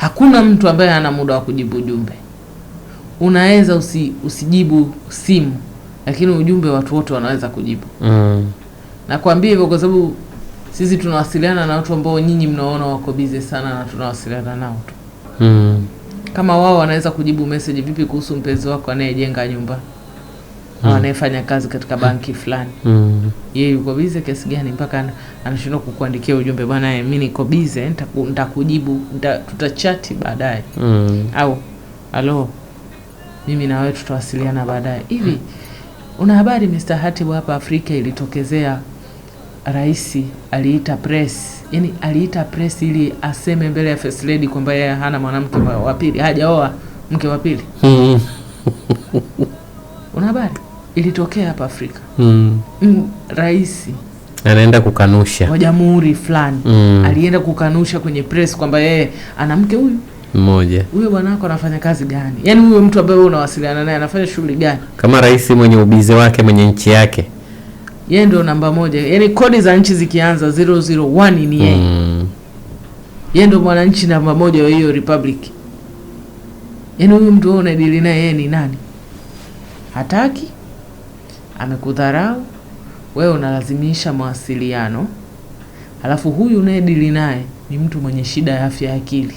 Hakuna mtu ambaye ana muda wa kujibu ujumbe. Unaweza usi, usijibu simu, lakini ujumbe watu wote wanaweza kujibu mm. Nakwambia hivyo kwa sababu sisi tunawasiliana na watu ambao nyinyi mnaona wako busy sana na tunawasiliana nao tu mm. Kama wao wanaweza kujibu message, vipi kuhusu mpenzi wako anayejenga nyumba? mm. anayefanya kazi katika hmm. banki fulani mm. yeye yuko bize kiasi gani mpaka anashindwa kukuandikia ujumbe, bwana mimi niko bize, nitakujibu nita, tutachati baadaye mm. au alo, mimi na wewe tutawasiliana baadaye. Hmm. Hivi una habari Mr. Hatibu, hapa Afrika ilitokezea rais aliita press, yani aliita press ili aseme mbele ya first lady kwamba yeye hana mwanamke wa pili, hajaoa mke wa pili. Hmm. Una habari? ilitokea hapa Afrika mm. Mm, rais anaenda kukanusha wa jamhuri fulani mm. alienda kukanusha kwenye press kwamba yeye ana mke huyu mmoja huyo bwanako anafanya kazi gani? Yaani huyo mtu ambaye unawasiliana naye anafanya shughuli gani? Kama rais mwenye ubize wake mwenye nchi yake, yeye ndio namba moja. Yaani kodi za nchi zikianza 001 ni yeye mm. yeye ndio mwananchi namba moja wa hiyo republic. Yaani huyo mtu wewe unadili naye yeye ni nani? hataki amekudharau, wewe unalazimisha mawasiliano, alafu huyu unayedili naye ni mtu mwenye shida ya afya ya akili.